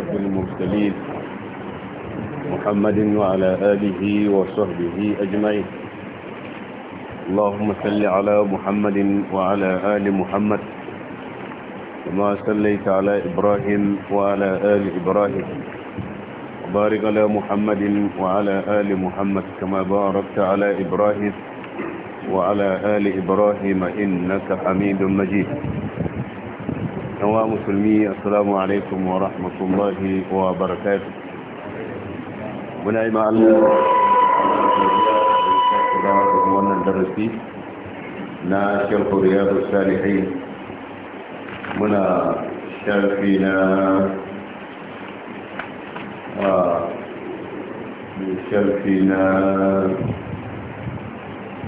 أشرف المرسلين محمد وعلى آله وصحبه أجمعين اللهم صل على محمد وعلى آل محمد كما صليت على إبراهيم وعلى آل إبراهيم وبارك على محمد وعلى آل محمد كما باركت على إبراهيم وعلى آل إبراهيم إنك حميد مجيد هو مسلمي السلام عليكم ورحمة الله وبركاته ونعم على الدرس نا شرح رياض الصالحين منا آه، شرفنا شرفنا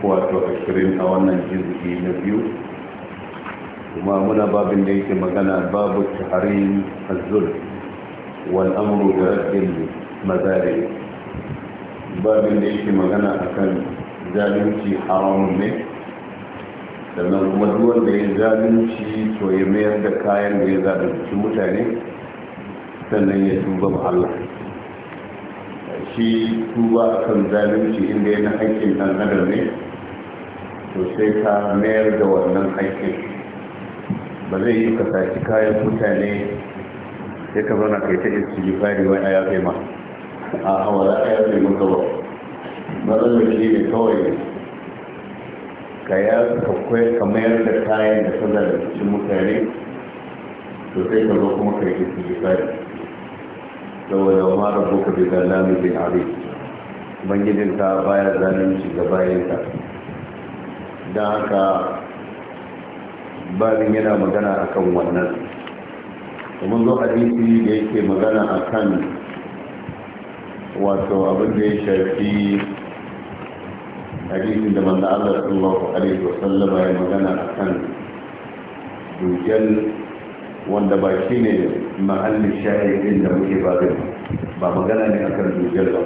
قوات وعشرين أولا جزء نبيو kuma muna babin da yake magana babu taharin azul wal amru bi mazari babin da yake magana akan zalunci haramun ne sannan kuma duk wanda ya zalunci to ya mayar da kayan da ya zalunci mutane sannan ya tuba Allah shi tuba akan zalunci inda yana haƙƙin ɗan adam ne to sai ka mayar da wannan haƙƙin ba zai yi ka saci kayan mutane sai ka zauna kai ta fari wani ya kai ma a hawa za a yafe maka ba matsalar shi ne kawai ka ya ka mayar da kayan da ka cikin mutane to sai ka zo kuma kai fari saboda ma rabu ka bi zalami bin abi ubangijinka baya zalunci ga bayanka don haka babin yana magana a kan wannan mun zo hadisi da yake magana a kan wato abin da ya shafi hadisin da manzo Allah sallallahu alaihi wasallama ya magana akan dujal wanda ba shi ne mahallin shahidin da muke babin ba magana ne akan dujal ba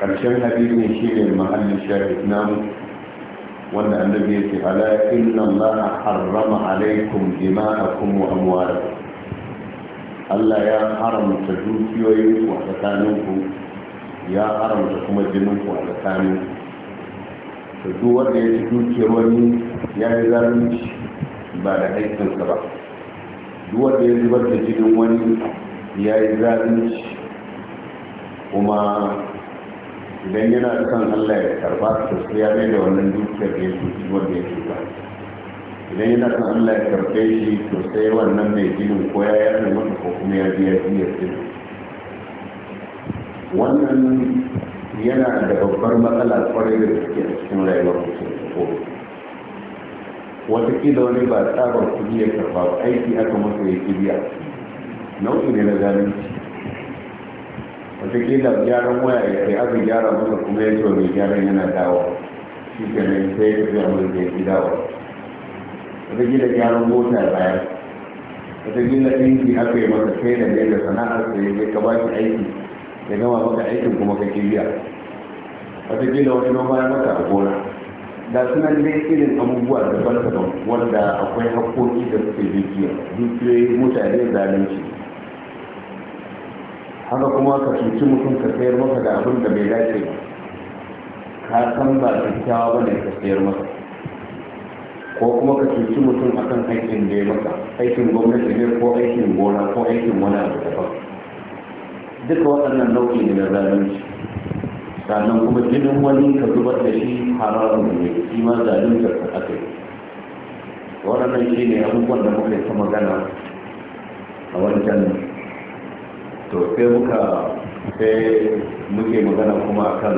karshen hadisin ne mahallin shahid namu wanda annabi ya ce ala inna allaha harrama alaikum dima'akum wa amwalakum Allah ya haramta dukiyoyin ku a tsakaninku ya haramta kuma jinin ku a tsakaninku to duk wanda ya ci dukiyar wani ya yi zalunci ba da aikinsa ba duk wanda ya zubar da jinin wani ya yi zalunci kuma idan yana son allah ya karba to ne da wannan dukiyar da ya shuki wanda ya idan yana son allah ya karbe shi to sai wannan mai ginin ko ya yi masa ko kuma ya biya biyar din wannan yana da babbar matsala kwarai da suke a cikin rayuwar mutum ko kila wani ba tsabar kuɗi ya karba aiki aka masa ya kibiya nau'i ne na zalunci watakila gyaran waya ya kai abin gyara masa kuma ya ce mai gyaran yana dawo shi ke nan sai ya tafi abin da ya fi dawo watakila gyaran mota baya watakila ɗinki aka yi masa kai da da sana'ar da ya zai ba shi aiki ya gama maka aikin kuma ka biya watakila wani noma ya maka a gona da suna dai irin abubuwa daban-daban wanda akwai hakkoki da suke dukiya dukiyoyi mutane zalunci haka kuma ka cuci mutum ka sayar masa da abin da bai dace ba. ka san ba kyakkyawa ba ne ka sayar masa ko kuma ka cuci mutum akan aikin da ya masa aikin gwamnati ne ko aikin gona ko aikin wani abu daban duka waɗannan nau'i ne na zalunci sannan kuma jinin wani ka zubar da shi da ne shi ma zalunta ka aka yi waɗannan shi ne abubuwan da muka yi ta magana a wancan to sai muka sai muke magana kuma akan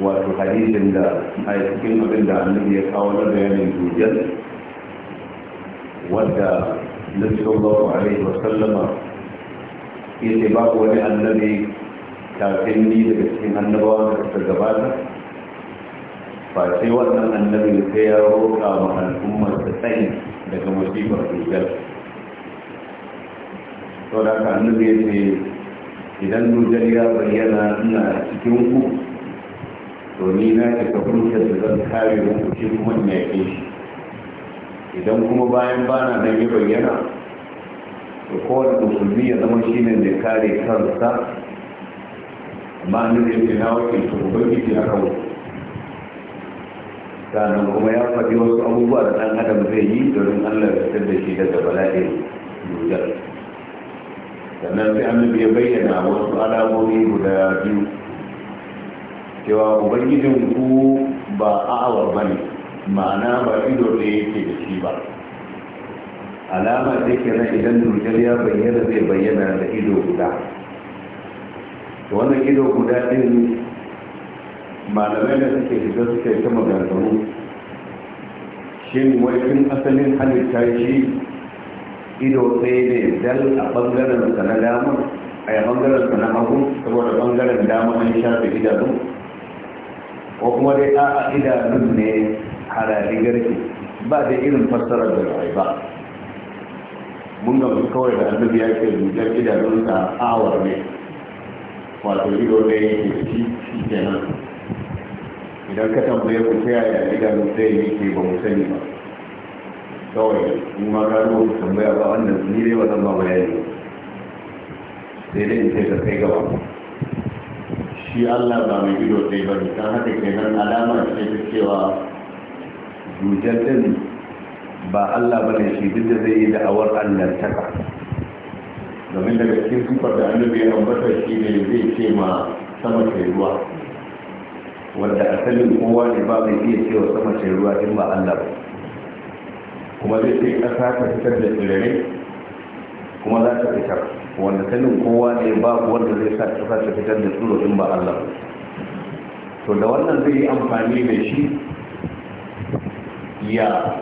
wato hadisin da a cikin abin da annabi ya kawo na bayanin dujjal wadda nabi sallallahu alaihi wa sallama yace babu wani annabi kafin ni daga cikin annabawa da suka gabata sai wannan annabi sai ya roƙa ma al'ummar ta tsayi daga musibar dujjal sau da ka nuna ya ce idan dujjal ya bayyana ina cikin ku to ni na ka hujjar da zan kare muku shi kuma in yake shi idan kuma bayan bana nan ya bayyana to kowane musulmi ya zama shi ne da kare kansa amma annabi ya ce na wakilta ubangiji a kan sannan kuma ya faɗi wasu abubuwa da ɗan adam zai yi domin allah ya da shi daga bala'in dujjal sannan sai annabi ya bayyana wasu alamomi guda biyu cewa ubangijin ku ba a'awar ba ne ma'ana ba ido da yake da shi ba alama da ke na idan dujjal ya bayyana zai bayyana da ido guda wannan ido guda ɗin malamai da suke shiga suke ta maganganu shin wai asalin halitta shi ido sai ne dal a ɓangaren sa na damar a yi ɓangaren sa na hagu saboda ɓangaren dama an shafe idanu ko kuma dai a idanun ne harari garki ba da irin fassarar da rai ba mun gamsu kawai da annabi ya ce dudar a awar ne wato ido ne yake ci shi kenan idan ka tambaye ku ta yaya idanun ɗaya yake ba mu sani ba kawai in ma ka tambaya ba wannan ni dai ba zan ba bayani sai dai sai ka kai gaba shi Allah ba mai ido sai ba ta haka kenan alama ce ta cewa dujjal ba Allah ne shi duk da zai yi da'awar Allah taka domin daga cikin sufar da annabi ya ambata shi ne zai ce ma sama ce ruwa wanda asalin kowa ne ba mai iya cewa sama ce ruwa in ba Allah ba kuma zai kai ƙasa ta fitar da tsirrai kuma za ta fitar wanda sanin kowa ne ba wanda zai sa ƙasa ta fitar da tsiro in ba Allah to da wannan zai yi amfani da shi ya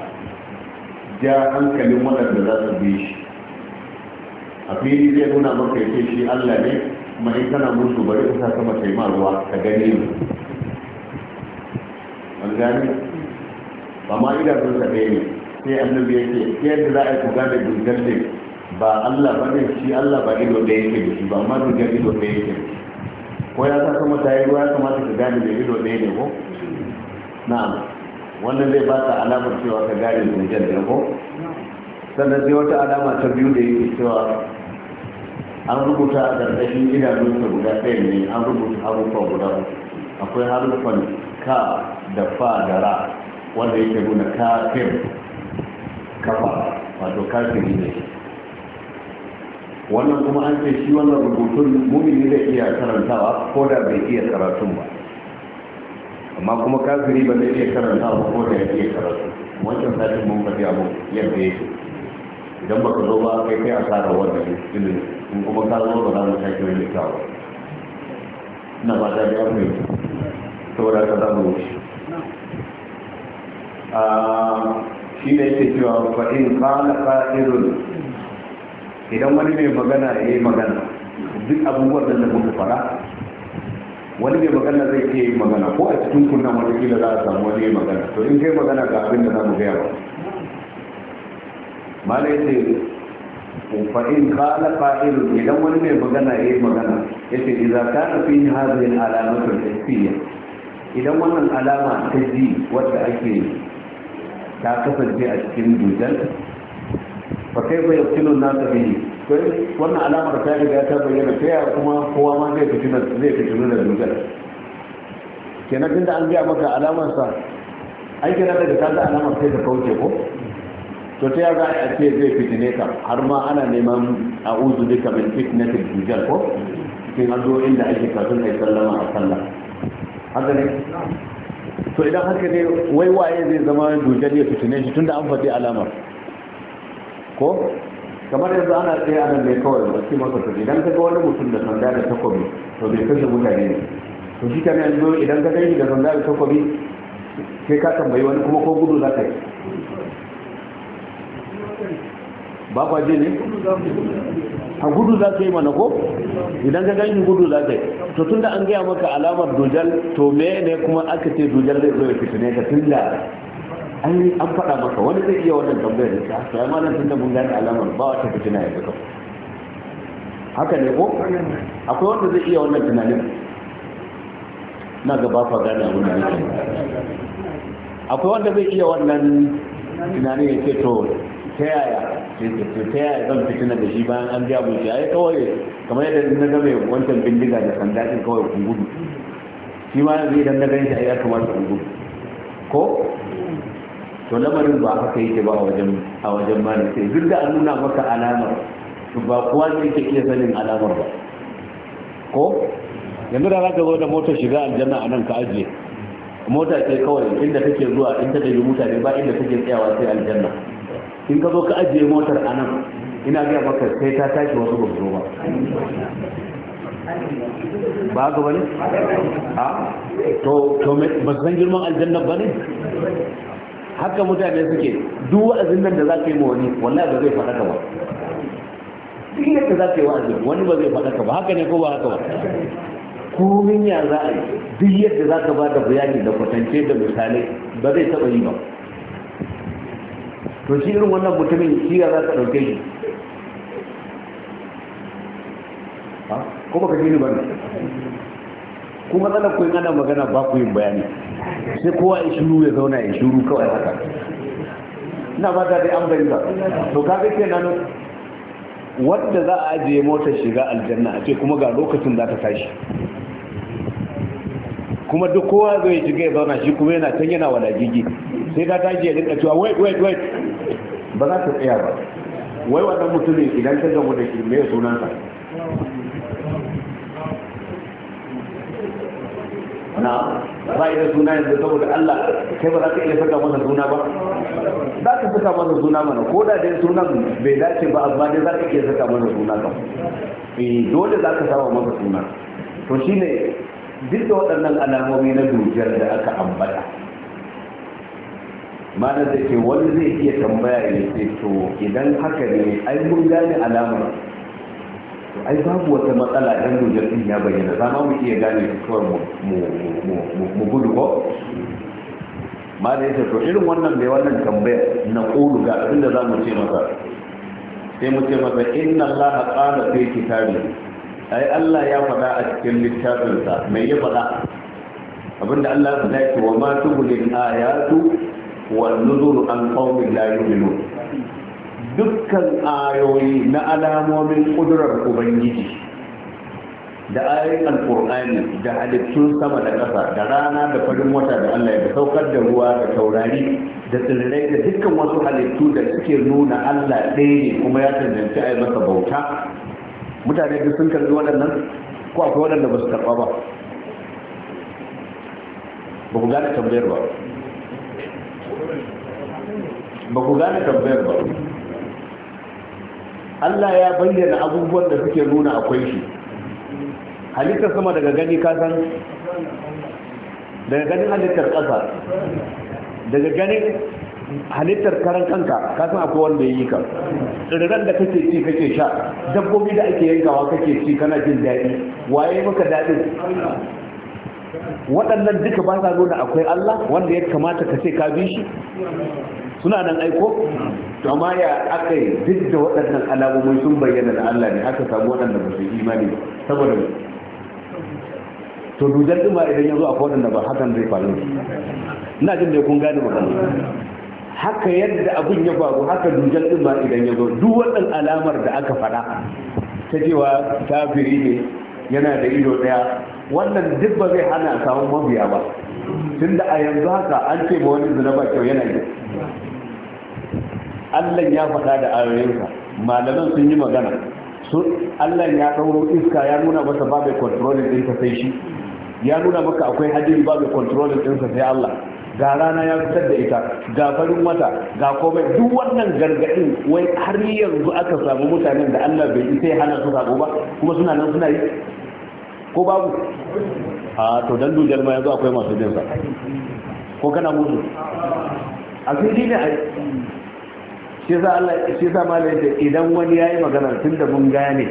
ja hankalin waɗanda za su bi shi a fili zai nuna maka yake shi Allah ne kuma in kana musu bari ka sa sama kai ruwa ka gani mu an gani ba ma sun sa ɗaya ne sai annabi ya ce yadda za a yi kuka da dukkan ne ba Allah ba ne shi Allah ba ido da yake da shi ba amma dujjal ido da yake da shi ko ya sa kuma ta yi ruwa ya kamata ka gane da ido da yake ko na'am wannan zai ba ta alamar cewa ka gane dujjal ne ko sannan sai wata alama ta biyu da yake cewa an rubuta a ƙarƙashin idanunsa guda ɗaya ne an rubuta haruffa guda uku akwai harufan ka da fa da ra wanda yake nuna kai kafa wato kafiri ne wannan kuma an ce shi wannan rubutun mumini zai iya karantawa ko da bai iya karatun ba amma kuma kafiri ba zai iya karantawa ko da ya iya karatu wancan satin mun faɗi abu yadda yake idan baka zo ba kai kai asarar wannan ilimin in kuma ka zo ba za mu sake wani kyawu ina ba ta biya mai saboda ka za mu wuce ah, shi da yake cewa fa'in kala fa'irun idan wani mai magana ya yi magana duk abubuwan da muka fara wani mai magana zai ke yi magana ko a cikin kunnan wani kila za a samu wani magana to in kai magana ga abin da za mu gaya ba mala ya ce fa'in kala fa'irun idan wani mai magana ya yi magana ya ce iza ka tafi hazin alamatar tafiya idan wannan alama ta ji wadda ake ta kasance a cikin dutsen ba kai bai ta bi kai wannan alamar ta riga ta bayyana ta yaya kuma kowa ma zai fitinu zai fitinu da dutsen kenan tunda an biya maka alamar sa ai kenan daga ta da alamar sai ka kauce ko to ta yaya a ce zai fitine ka har ma ana neman uzu duka min fitnatil dutsen ko sai an zo inda ake kafin ai sallama a sallah haka ne to idan haka ne wai waye zai zama dujar ya fitine shi tunda an faɗi alamar ko kamar yanzu ana tsaye anan mai kawai ba ce masa to idan ka ga wani mutum da sanda da takobi to bai kashe mutane ne to shi kan yanzu idan ka gani da sanda da takobi sai ka tambayi wani kuma ko gudu za ka yi ba kwa ne a gudu za ka yi mana ko idan ka gani gudu za ka yi to tun da an gaya maka alamar dujal to me ne kuma aka ce dujal zai zo ya fitine ka tun da an faɗa maka wani zai iya wannan tambayar da ta sai ma nan tun da mun gani alamar ba wata fitina ya zaka haka ne ko akwai wanda zai iya wannan tunanin na gaba fa gane abin da yake akwai wanda zai iya wannan tunanin yake to ta yaya sai ta ta yaya zan fitina da shi bayan an biya mun shi ai kawai kamar yadda na ga mai wancan bindiga da sanda ɗin kawai kun gudu shi ma yanzu idan na gani shi ai ya kamata kun gudu ko to lamarin ba haka yake ba a wajen a wajen mali sai duk da an nuna maka alamar ba kowa ne yake iya sanin alamar ba ko yanzu da zaka zo da motar shiga aljanna a nan ka ajiye mota ce kawai inda take zuwa in ta tafi mutane ba inda take tsayawa sai aljanna in ka zo ka ajiye motar a nan ina gaya maka sai ta tashi wasu ba zo ba ba ga bane a to to ba san girman aljanna bane haka mutane suke duk wa'azin nan da za ka yi ma wani wallahi ba zai faɗa ka ba duk yadda za ka yi wa'azi wani ba zai faɗa ka ba haka ne ko ba haka ba komin ya za a yi duk yadda za ka ba da bayani da kwatance da misalai ba zai taɓa yi ba to shi irin wannan mutumin shiya za ta ɗauke shi ko baka gini ba ne ku matsalar ku ana magana ba ku yin bayani sai kowa ya shiru ya zauna ya shiru kawai haka ina ba ta dai an ba to kaga kenan wadda za a ajiye motar shiga aljanna a ce kuma ga lokacin za ta tashi kuma duk kowa zai shiga ya zauna shi kuma yana can yana wadagigi sai ta tashi ya rika cewa wait wait wait ba za ta tsaya ba wai wannan mutumin idan ka gamu da shi mai sunansa na ba ida suna yanzu saboda Allah kai ba za ka iya saka masa suna ba za ka saka masa suna mana ko da dai sunan bai dace ba amma dai za ka iya saka masa suna ba eh dole za ka saka masa suna to shine duk da waɗannan alamomi na dukiyar da aka ambata mana da ke wani zai iya tambaya ne sai to idan haka ne ai mun gane alamar to ai babu wata matsala dan dujar din ya bayyana za mu iya gane fitowar mu gudu ko ma da to irin wannan mai wannan tambayar na ƙulu ga abin da za mu ce masa sai mu ce masa inna Allah qala fi kitabi ai Allah ya faɗa a cikin littafinsa mai ya faɗa abinda Allah ya faɗa yake wa ma tubulil ayatu والنذر عن قوم لا يؤمنون dukkan ayoyi na alamomin kudurar ubangiji da ayoyin alkur'ani da halittun sama da ƙasa da rana da farin wata da allah ya saukar da ruwa da taurari da tsirrai da dukkan wasu halittu da suke nuna allah ɗaya ne kuma ya cancanci a yi masa bauta mutane duk sun karbi waɗannan ko akwai waɗanda ba su karɓa ba ba ku gane tambayar ba ba ku gane tambayar ba Allah ya bayyana abubuwan da suke nuna akwai shi halittar sama daga gani ka san, daga ganin halittar ƙasa daga ganin halittar karan kanka san akwai wanda ya yi ka tsirran da kake ci kake sha dabbobi da ake yankawa kake ci kana jin daɗi waye maka daɗin waɗannan duka ba sa nuna akwai Allah wanda ya kamata ka ce ka bi shi suna nan aiko to amma ya aka yi duk da waɗannan alamomi sun bayyana da Allah ne aka samu waɗanda ba su imani ba saboda to dujar ɗin ba idan ya zo a waɗanda ba hakan zai faru ina jin da kun gane ba haka yadda abin ya faru haka dujar ɗin ba idan ya zo duk waɗannan alamar da aka faɗa ta cewa kafiri ne yana da ido ɗaya wannan duk ba zai hana a samun mabiya ba tunda a yanzu haka an ce ba wani zina ba kyau yana yi Allah ya faɗa da ayoyinsa malaman sun yi magana su Allah ya ɗauro iska ya nuna masa babu controlling ɗinsa sai shi ya nuna maka akwai hadin babu controlling ɗinsa sai Allah ga rana ya fitar da ita ga farin wata ga komai duk wannan gargaɗin wai har yanzu aka samu mutanen da Allah bai sai hana su sako ba kuma suna nan suna yi ko babu a to dan dujar ma yanzu akwai masu jinsa ko kana musu a fili ne shi yasa Allah shi yasa malai ce idan wani yayi magana tun da mun gane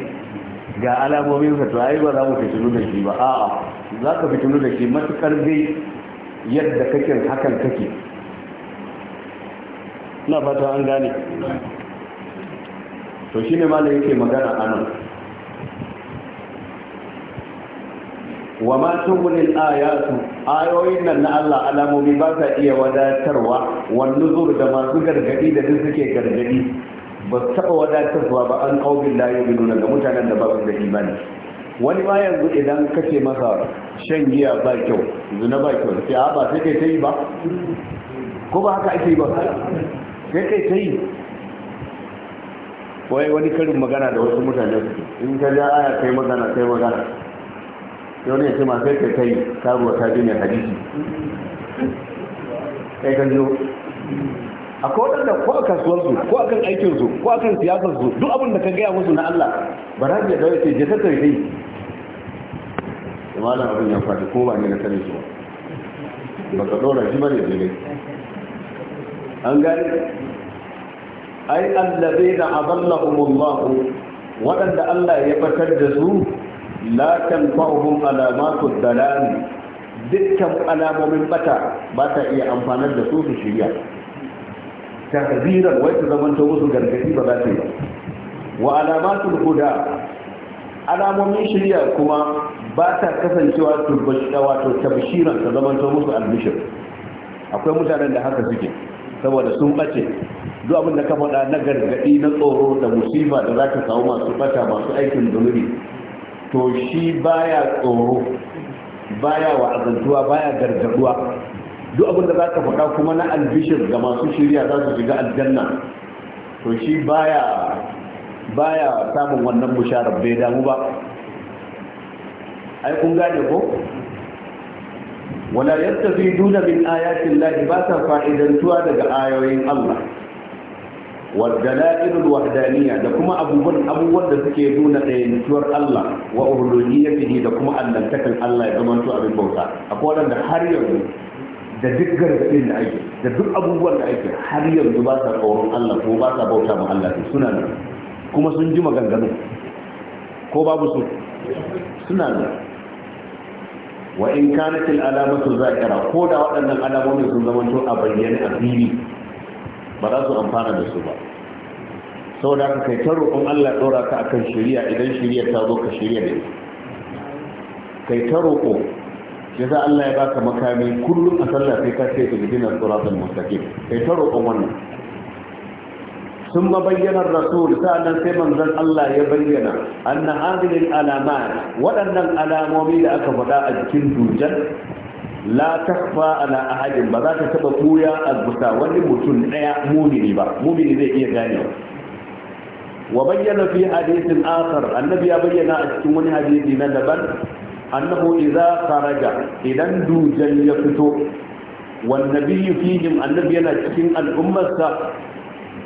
ga alamomin sa to ai ba za mu fitinu da shi ba a'a za ka fitinu da shi matukar dai yadda kake hakan kake na fata an gane to shine malai yake magana anan wa ma tughni al-ayatu ayoyin nan na Allah alamomi ba sa iya wadatarwa wan nuzur da masu gargadi da duk suke gargadi ba su taba wadatarwa ba an qaulin la yu'minuna ga mutanen da ba su da imani wani ma yanzu idan kace masa shan giya ba kyau zina ba kyau sai a ba sai kai tai ba ko ba haka ake yi ba sai kai tai wai wani karin magana da wasu mutane suke in ka ja aya kai magana kai magana Yau ne ya ce ma sai kai kai sabuwa ta bi mai hadisi kai kan zo akwai da ko a kasuwarsu ko a kan aikinsu ko a kan siyasarsu duk abin da ka gaya musu na Allah ba za su yadda ce je tattare kai imanin abin ya faɗi ko ba ne na sani su ba ka ɗora shi ba ne daidai an gani ai allabe da ma'u waɗanda Allah ya batar da su la tanfa'uhum alamatu dalal dukkan alamomin bata ba ta iya amfanar da su su shirya tahziran wai ta zamanto musu gargadi ba za ta yi wa alamatul huda alamomin shirya kuma ba ta kasancewa turbashida wato tabshiran ta zamanto musu albishir akwai mutanen da haka suke saboda sun ɓace, duk abin da ka faɗa na gargadi na tsoro da musifa da za ka samu masu bata masu aikin zunubi to shi baya tsoro baya wa'azantuwa baya gargaduwa duk abin da za ka faɗa kuma na albishir ga masu shirya za su shiga aljanna to shi baya baya samun wannan bisharar bai damu ba ai kun gane ko wala yastafiduna min ayati llahi ba ta fa'idantuwa daga ayoyin Allah والدلائل الوحدانية لكما أبوان أبوان لسكي دون نسور الله وأهلويته لكما أن نتكل الله يضمن شو أبي بوتا أقول أن حريا da duk gargaɗin da ake da duk abubuwan da ake har yanzu ba sa tsoron Allah ko ba sa bauta ma Allah suna nan kuma sun ji maganganu ko babu suna nan wa in kanat al alamatu zaqira ko da waɗannan alamomin sun zama a bayyane a ba za su amfana da su ba saboda kai ta roƙon Allah ɗora ka akan shari'a idan shari'a ta zo ka shari'a ne kai ta roƙo ya za Allah ya baka makami kullum a sallah sai ka sai daga dinar tsora kai ta roƙon wannan sun ma bayyana rasul sa'annan sai manzon Allah ya bayyana anna hadhihi alama waɗannan alamomi da aka faɗa a jikin dujan la takfa ala ahadin ba za ta taɓa koya a wani mutum ɗaya mumini ba mumini zai iya ganewa wa bayyana fi hadithin akhar annabi ya bayyana a cikin wani hadisi na daban annahu idza kharaja idan dujan ya fito wan nabiyyu fihim annabi yana cikin al'ummarsa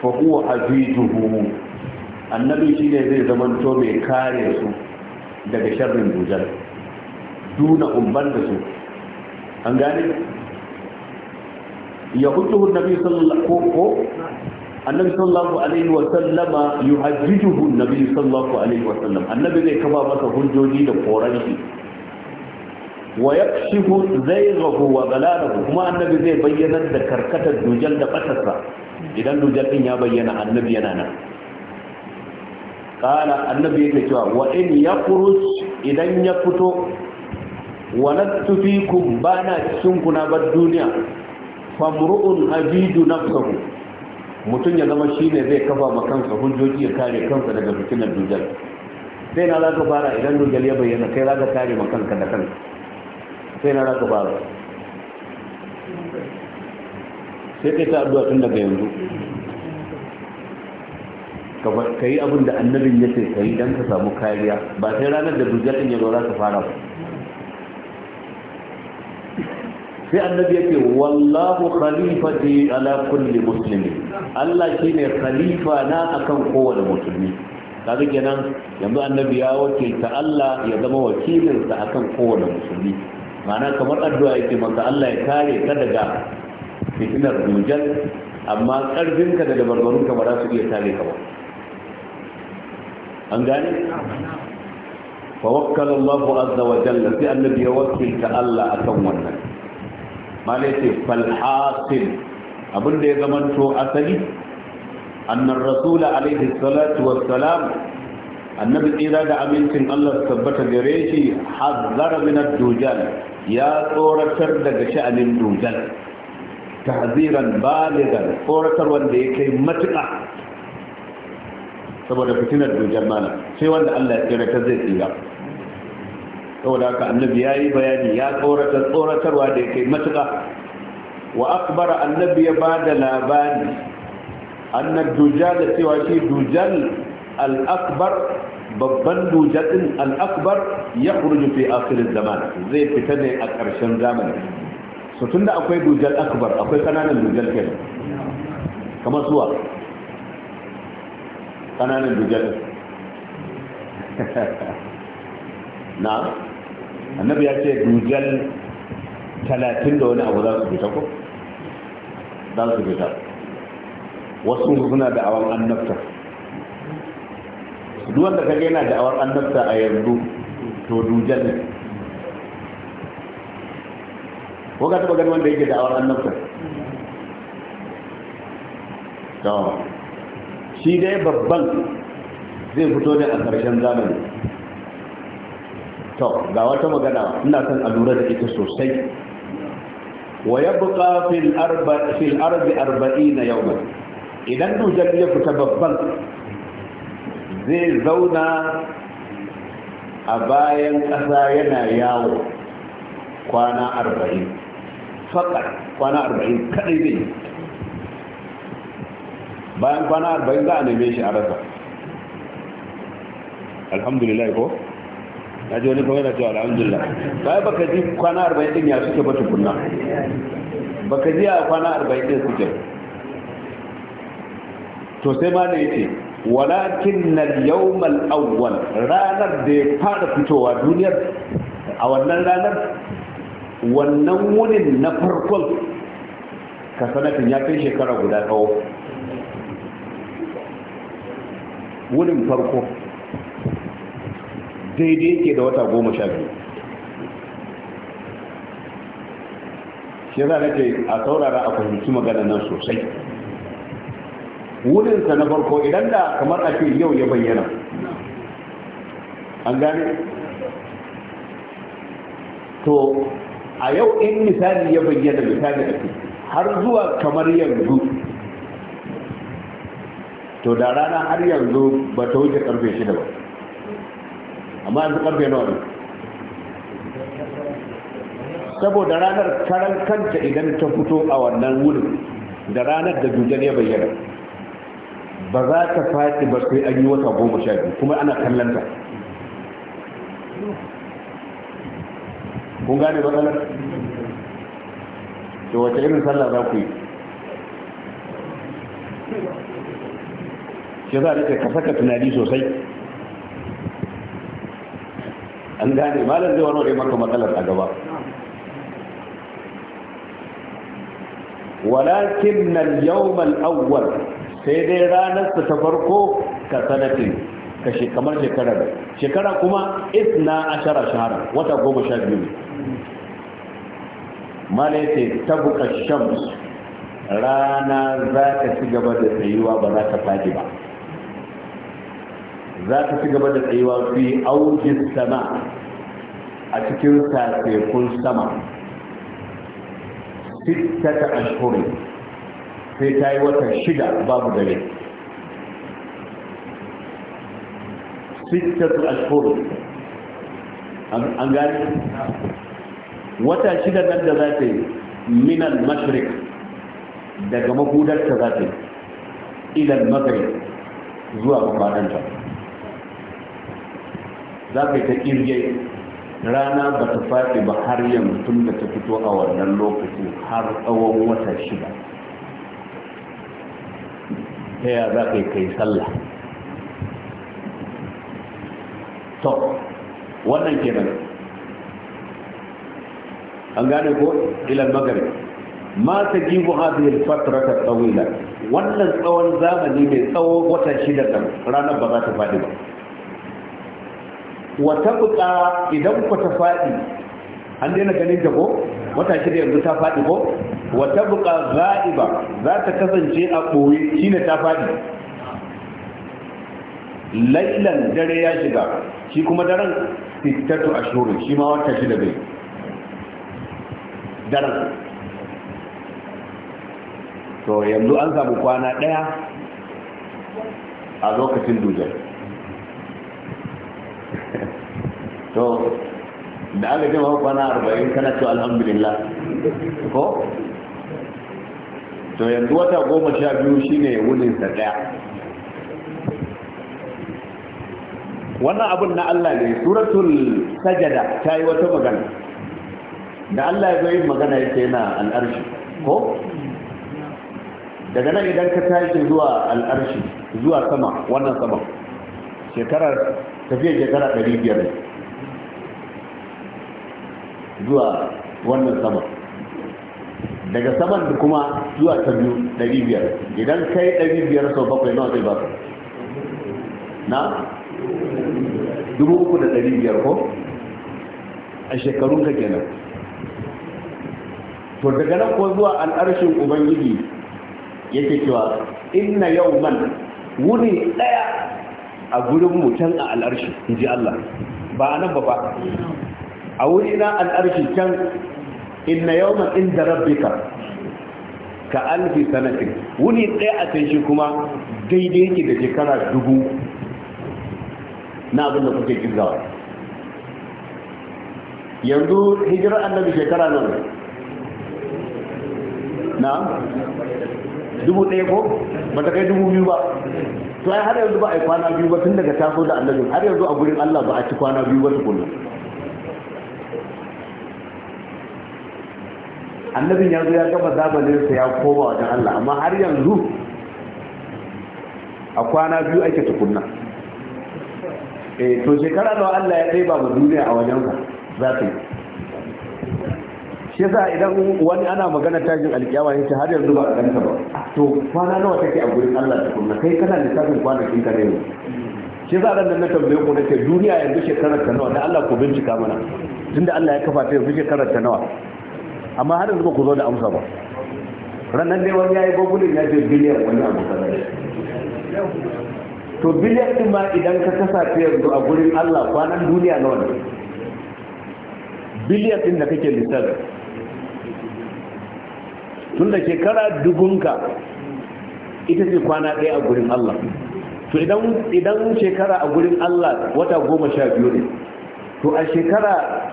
fa huwa hafizuhu annabi shine zai zamanto mai kare su daga sharrin dujal duna umban da su an gane ya hutu nabi sallallahu alaihi wasallam annabi sallallahu alaihi wa sallama yuhajjijuhu annabi sallallahu alaihi wa sallam annabi zai kafa masa hujjoji da koran shi wa yakshifu zayghahu wa balalahu kuma annabi zai bayyana da karkatar dujal da fatarsa idan dujal din ya bayyana annabi yana nan kala annabi yake cewa wa in yakhruj idan ya fito wa lastu fikum bana cikin kuna bar duniya famru'un abidu nafsahu mutum ya zama shi ne zai kafa ma kansa hujjoji ya kare kansa daga fitinar dujal sai na za ka fara idan dujal ya bayyana kai za ka kare ma kanka da kanka sai na za ka fara sai kai ta addu'a tun daga yanzu ka yi abin da annabin ya ce ka yi don ka samu kariya ba sai ranar da dujal ɗin ya zo za ka fara ba sai annabi yake wallahu khalifati ala kulli muslimi Allah shine khalifa na akan kowane musulmi kaga kenan yanzu annabi ya wakilta Allah ya zama wakilinsa akan kowane musulmi ma'ana kamar addu'a yake maka Allah ya kare ka daga fitinar dujal amma karfinka da dabarbarunka ba za su iya kare ka ba an gane fa wakkala Allah azza wa jalla sai annabi ya wakilta Allah akan wannan malai ce falhasil da ya zamanto asali annar rasula alaihi salatu wassalam annabi tsira da amincin Allah tabbata gare shi hazzara min dujal ya tsoratar daga sha'anin dujal tahziran baligan tsoratar wanda ya kai matuƙa saboda fitinar dujal mana sai wanda Allah ya tsira ta zai tsira saboda ka, annabi ya yi bayani ya tsoratar tsoratarwa da ya kai matuƙa wa akbara annabi ya ba da labari annab dujal da cewa shi dujal al-akbar babban dujal din al-akbar ya kurju fi akhirin zaman zai fita ne a ƙarshen zamani so tunda akwai dujal akbar akwai kananan dujal kenan kamar suwa kananan dujal na annabi ya ce dujal talatin da wani abu za su fita ko za su fita wasu suna da awon annabta duk wanda kage yana da awon annabta a yanzu to dujal ne ko ka taba gani wanda yake da awon annabta to shi dai babban zai fito ne a ƙarshen zamani to ga wata magana ina son a lura da ita sosai wa yabqa fil arba fil ardi 40 yawman idan dujal ya fita babban zai zauna a bayan ƙasa yana yawo kwana 40 faƙar kwana 40 kadai ne. bayan kwana 40 za a neme shi a rasa alhamdulillah ko Ka ji wani kawai na cewa alhamdulillah ba baka ji kwana arba'in din ya suke ba tukunna baka ji a kwana arba'in din suke to sai ma ne yace walakin na yawmal awwal ranar da ya fara fitowa duniyar a wannan ranar wannan wunin na farkon ka sanatin ya kai shekara guda kawo. wunin farko daidai yake da wata goma sha biyu shi za nake a saurara a fahimci magana nan sosai wurinsa na farko idan da kamar a ce yau ya bayyana an gane to a yau in misali ya bayyana misali a har zuwa kamar yanzu to da rana har yanzu ba ta wuce karfe shida ba amma an karfe nawa ne saboda ranar karan kanta idan ta fito a wannan wurin da ranar da dujal ya bayyana ba za ta faɗi ba sai an yi wata goma sha biyu kuma ana kallanta kun gane matsalar da wace irin sallah za ku yi shi za a rike ka saka tunani sosai an gane malar zai warware maka matsalar a gaba walakin nan yawmal awwal sai dai ranar ta farko ka sanatin kashe kamar shekara shekara kuma isna ashara shahara wata goma sha biyu ne malaita ta buka shams rana za ta ci gaba da tsayuwa ba za ta faɗi ba za ta ci gaba da tsayuwa fi aujin sama a cikin safekun sama Sita ta ashuri sai ta yi wata shida babu dare Sita ta ashuri an gani wata shida nan da za ta yi minan mashirik daga mahudarta za ta yi ilan maghrib zuwa mafadanta za ka yi ta kirge rana ba ta faɗi ba har yanzu tun da ta fito a wannan lokacin har tsawon wata shida ta ya za ka yi kai sallah to wannan kenan an gane ko ilan magari ma ta ji hadhihi al-fatrata tawila wannan tsawon zamani mai tsawon wata shida kan ranar ba za ta faɗi ba wata buka idan ku ta faɗi an daina ganin ta ko wata da yanzu ta faɗi ko wata buka za'iba za ta kasance a ɓoye shine ta faɗi lailan dare ya shiga shi kuma daren fitattu a shurin shi ma wata shida bai daren to yanzu an samu kwana ɗaya a lokacin dujar to da aka ce maka kwana arba'in kana to alhamdulillah ko to yanzu wata goma sha biyu shine wunin sa daya wannan abun na Allah ne suratul sajada ta yi wata magana da Allah ya yi magana ya ce na al'arshi ko daga nan idan ka tashi zuwa al'arshi zuwa sama wannan sama shekarar tafiyar shekara 500 zuwa wannan sama daga saman da kuma zuwa ta biyu ɗari biyar idan kai ɗari biyar sau bakwai nawa zai baka na dubu uku da ɗari biyar ko a shekarun ka kenan to daga nan ko zuwa arshin ubangiji yake cewa inna man wuni ɗaya a gurin mutan a al'arshi in ji Allah ba a nan ba ba a wuri ina na al'arshi can inna yawman inda rabbika ka alfi sanatin wuni ɗaya a can shi kuma daidai yake da shekara dubu na abin da kuke kizawa yanzu hijirar annabi shekara nan na dubu ɗaya ko ba ta kai dubu biyu ba to ai har yanzu ba a yi kwana biyu ba tun daga taso da annabin har yanzu a gurin allah ba a ci kwana biyu ba tukunan annabin ya zo ya sa ya koma wajen Allah amma har yanzu a kwana biyu ake tukunna eh to shekara da Allah ya ɗaiba ba duniya a wajen ka za ta yi shi yasa idan wani ana magana tajin alƙiyawa ya ce har yanzu ba a ganta ba to kwana nawa take a gurin Allah tukunna kai kana lissafin kwanakin ka ne shi yasa ran nan na tambaye ku nake duniya yanzu shekarar ta nawa da Allah ku bincika mana tunda Allah ya kafa ta yanzu shekarar ta nawa amma har yanzu ba ku zo da amsa ba ranar dai wani ya yi gogulin ya ce biliyan wani abu kaza to biliyan din ma idan ka kasa ta yanzu a gurin Allah kwanan duniya na wani biliyan din da kake lissafi tun da shekara dubunka ita ce kwana ɗaya a gurin Allah to idan shekara a gurin Allah wata goma sha biyu ne to a shekara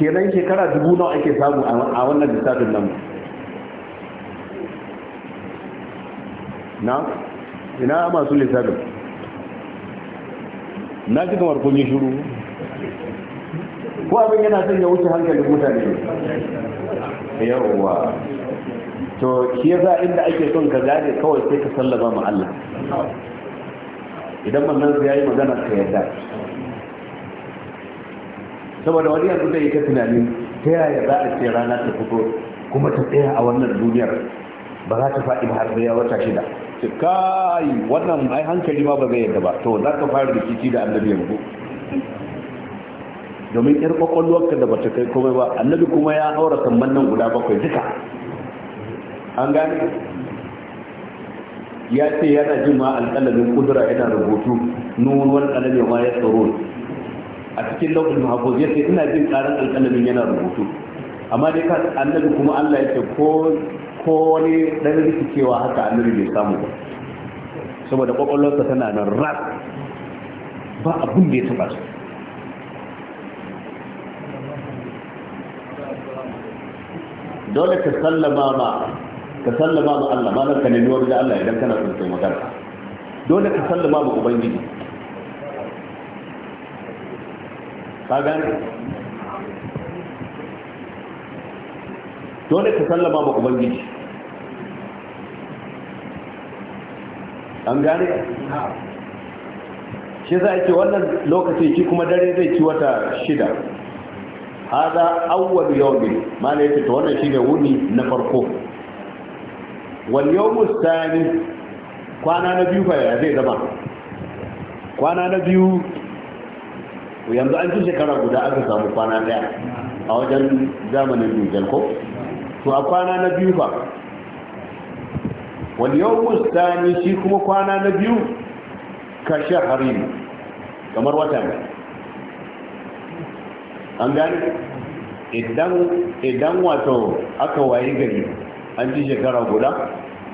kenan shekara dubu nawa ake samu a wannan lissafin nan na ina masu lissafin na ji kamar kun yi shuru ko abin yana son ya wuce hankalin mutane yawwa to shi ya za inda ake son ka gane kawai sai ka sallaba ma Allah idan wannan ya yi magana ka yadda. saboda wani yanzu zai yi ta tunani ta yaya za a ce rana ta fito kuma ta tsaya a wannan duniyar ba za ta faɗi ba har zai ya wata shida kai wannan ai hankali ma ba zai yadda ba to za ka fara rikici da annabi yanzu domin yar kwakwalwarka da bata kai komai ba annabi kuma ya haura samman nan guda bakwai duka an gane ya ce yana jin ma alƙalamin kudura yana rubutu nun wani ma ya tsaro a cikin lauhul ya ce ina jin karan alƙalamin yana rubutu amma dai ka annabi kuma Allah ce ko ko wani dan rikicewa haka annabi bai samu ba saboda kwakwalwarsa tana nan ras ba abin da ya taba su dole ka sallama ma ka sallama ma Allah ma ka nemi wani da Allah idan kana son kai magana dole ka sallama ma ubangiji ka gane dole ka sallama ma ubangiji an gane shi za a ce wannan lokacin shi kuma dare zai ci wata shida hada awwal yawmi mala yake to wannan shine wuni na farko wal yawmu ne? kwana na biyu fa ya zai zama kwana na biyu yanzu an ci shekara guda aka samu kwana daya a wajen zamanin dujal ko to a kwana na biyu fa wani yau mustani shi kuma kwana na biyu ka shahari kamar wata ne? an gani idan wato aka waye gari an ci shekara guda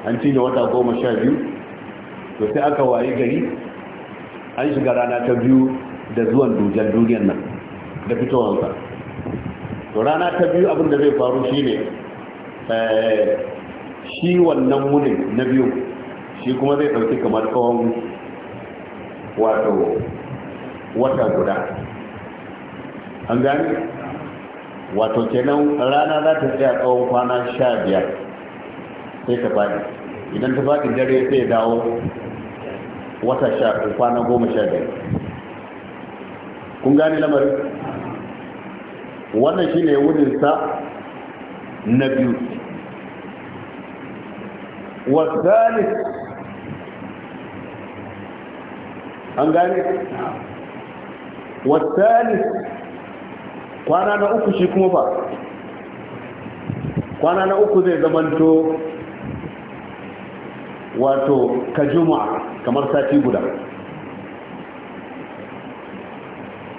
an ci da wata goma sha biyu to sai aka waye gari an shiga rana ta biyu da zuwan dujan duniyar nan da fitowarsa to rana ta biyu abin da zai faru shine eh, shi wannan munin na biyu shi kuma zai ɗauki kamar tsawon wato wata guda an gani wato kenan rana za ta tsaya tsawon kwana sha biyar sai ta faɗi idan ta faɗi dare sai dawo wata sha kwana goma sha biyar kun gane lamarin wannan shine wurinsa na biyu والثالث an gane والثالث kwana na uku shi kuma fa kwana na uku zai zamanto wato ka juma'a kamar sati guda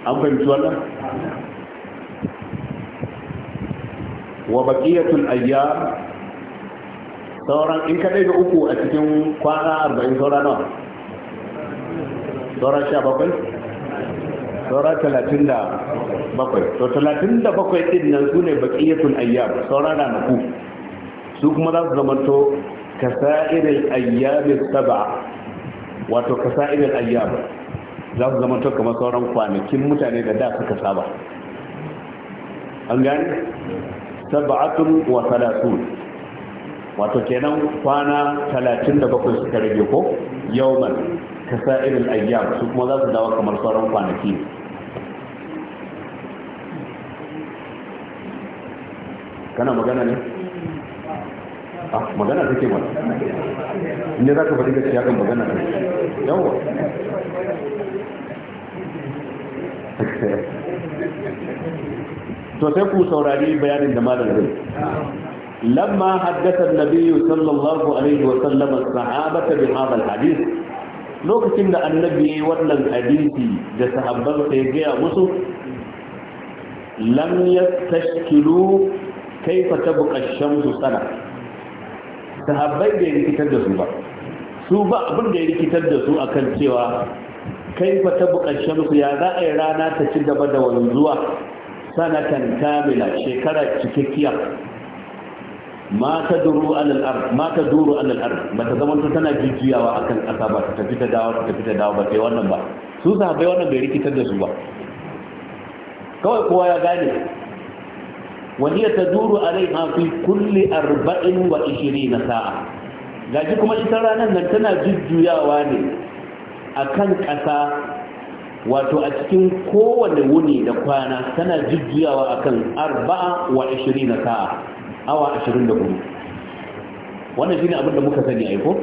an fahimci wannan wa baqiyatul ayyam sauran in ka dai ga uku a cikin kwana 40 sauran nawa sauran 17 sauran 37 to 37 din nan sune baqiyatul ayyam sauran ranaku su kuma za su zamanto kasa'iril ayyam sab'a wato kasa'iril ayyam za su zama to kamar sauran kwanakin mutane da da suka saba an gani sabatun wa salatu wato kenan kwana talatin da bakwai suka rage ko yawman ka sa'irin ayyam su kuma za su dawo kamar sauran kwanaki kana magana ne Ah, magana take in ne za ka faɗi gaskiya kan magana ta yawa to sai ku saurari bayanin da malam zai lamma haddasa nabi sallallahu alaihi wa sallam sahabata bi hadha alhadith lokacin da annabi wannan hadisi da sahabban sai gaya musu lam yastashkilu kaifa tabqa ash-shamsu sana sahabbai ya rikitar da su ba su ba abin da ya rikitar da su akan cewa kai fa ta buƙarshe musu ya za a yi rana ta ci gaba da wanzuwa sanatan kamila shekara cikakkiya ma ta duru alal ard ma ta duru alal ard ta tana jijiyawa akan ƙasa ba ta tafi ta dawo ta tafi ta dawo ba sai wannan ba su sahabbai wannan bai rikitar da su ba kawai kowa ya gane وهي تدور عليها في كل أربع وعشرين ساعة gaji kuma ita ranar nan tana jujjuyawa ne a kan ƙasa wato a cikin kowane wuni da kwana tana jujjuyawa a kan arba'a wa ashirin na sa'a awa ashirin da hudu wannan shi ne abin da muka sani aiko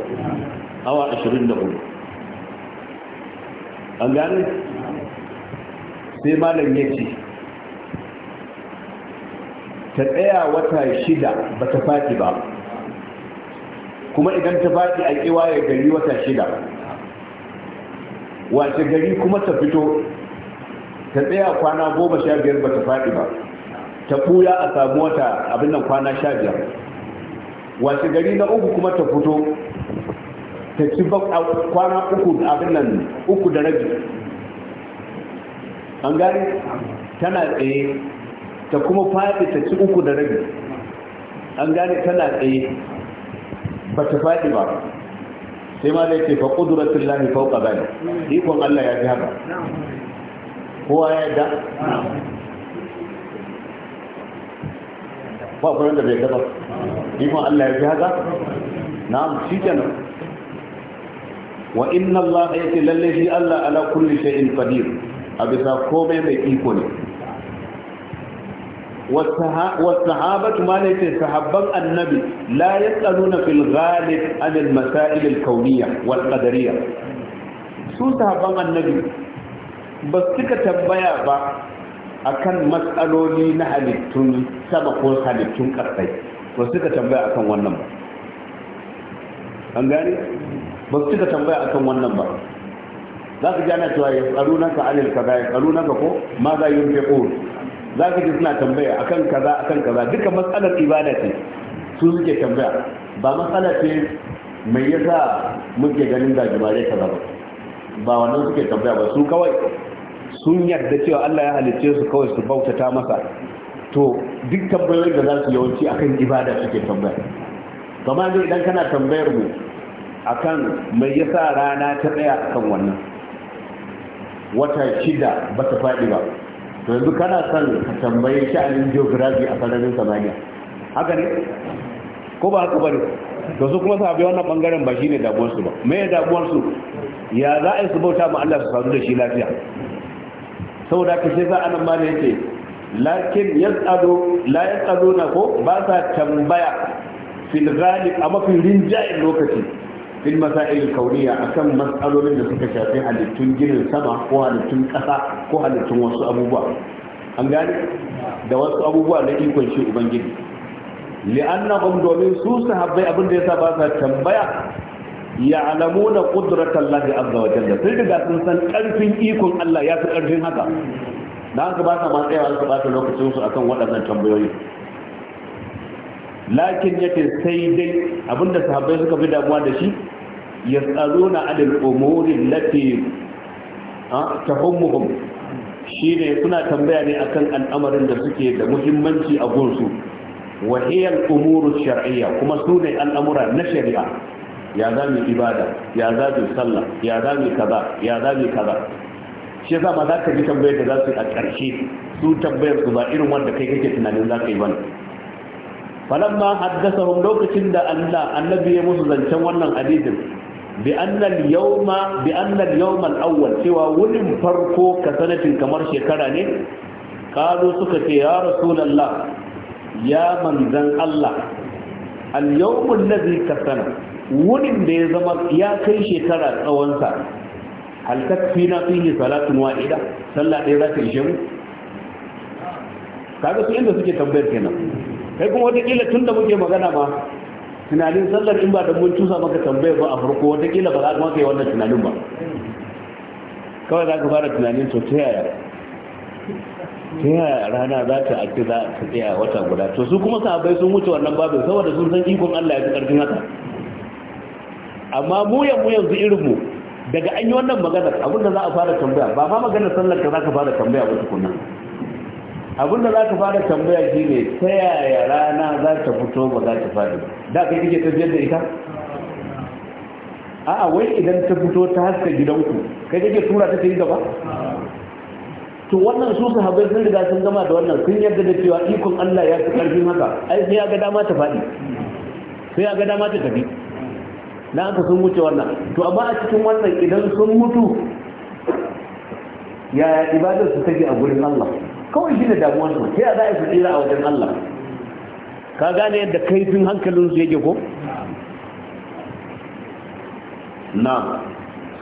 awa ashirin da hudu an gane sai malam ya ce ta tsaya wata shida ba ta faɗi ba kuma idan ta faɗi a kiwa ya gari wata shida wace gari kuma ta fito ta tsaya kwana goma sha biyar ba ta faɗi ba ta ɓuya a samu wata abin nan kwana sha biyar wace gari na uku kuma ta fito ta ci kwana uku abin nan uku da rabi an gari tana tsaye ta kuma faɗi ta ci uku da rabi an gane tana tsaye ba ta faɗi ba sai ma zai ce fa ƙuduratun lahi fauka zai ikon Allah ya fi haka kowa ya yadda ba kuwa da bai gaba ikon Allah ya fi haka Na na'am shi kenan wa inna Allah ya ce lalle shi Allah ala kulli shay'in qadir a bisa komai mai iko ne والصحابة ما نيتي صحابا النبي لا يسألون في الغالب عن المسائل الكونية والقدرية su sahabban annabi ba su cika tambaya ba akan matsaloli na halittun sama ko halittun ƙarfai ba su cika tambaya akan wannan wannan ba za ko za ka ji suna tambaya akan kaza akan kaza duka matsalar ibada ce su suke tambaya ba matsala ce mai yasa muke ganin jimare kaza ba ba wannan suke tambaya ba su kawai sun yarda cewa Allah ya halicce su kawai su bautata masa to duk tambayoyin da za su yawanci akan ibada suke tambaya kama ne idan kana tambayar mu akan mai yasa rana ta tsaya akan wannan wata shida ba ta faɗi ba to yanzu kana son ka tambayi sha'anin geography a sararin samaniya haka ne ko ba haka bane da su kuma sabi wannan bangaren ba shine damuwar su ba me ya damuwar su ya za a yi su bauta ma Allah su sadu da shi lafiya saboda ka sai za a nan ma ne yake lakin tsado la tsado na ko ba sa tambaya fil a mafi rinjayin lokaci fil masail kauniya akan matsalolin da suka shafi halittun ginin sama ko halittun ƙasa ko halittun wasu abubuwa an gane da wasu abubuwa na ikon shi ubangiji li'annahum domin su sahabbai abin da yasa ba sa tambaya ya'lamuna qudratan Allah azza wa jalla sai daga sun san karfin ikon Allah ya fi karfin haka dan haka ba sa ma su bata lokacin su akan waɗannan tambayoyi lakin yake sai dai abinda sahabbai suka fi damuwa da shi yas'aluna 'anil umuri allati tahummuhum shine suna tambaya ne akan al'amarin da suke da muhimmanci a gunsu wa hiya al-umuru shar'iyya kuma su ne al'amura na shari'a ya za mu ibada ya za mu sallah ya za mu kaza ya za mu kaza shi yasa ma za ka ji tambayar da za su yi a ƙarshe su tambayar su ba irin wanda kai kake tunanin za ka yi bane falamma haddasahum lokacin da Allah annabi ya musu zancen wannan hadisin bi annal yawma bi awwal cewa wurin farko ka sanatin kamar shekara ne kazo suka ce ya rasulullah ya manzan Allah al yawmul ladhi kasana wurin da ya zama ya kai shekara tsawon sa hal takfina fihi salatun wahida sallah ɗaya za ta ishe mu kaga su inda suke tambayar kenan kai kuma wata kila tunda muke magana ma tunanin sallar in ba da mun cusa maka tambaya ba a farko watakila ba za ka maka yi wannan tunanin ba kawai za ka fara tunanin to ta yaya ta yaya rana za ta ake za ta tsaya wata guda to su kuma sahabbai sun wuce wannan babin saboda sun san ikon Allah ya fi karfin haka amma mu yanzu yanzu irin mu daga an yi wannan maganar abinda za a fara tambaya ba ma maganar sallar ka za ka fara tambaya ba tukunan abin da za ka fara tambaya shi ne ta yaya rana za ta fito ba za ta fara da kai kike tafiyar da ita a'a wai idan ta fito ta haska gidanku kai kike tura ta ta yi gaba to wannan su su sahabbai sun riga sun gama da wannan sun yarda da cewa ikon Allah ya fi ƙarfin haka ai sai ya ga dama ta faɗi sai ya ga dama ta tafi na aka sun wuce wannan to amma a cikin wannan idan sun mutu yaya ibadar su take a gurin Allah kawai shi ne damuwar su sai za a yi su tsira a wajen Allah ka gane yadda kaifin hankalin su yake ko na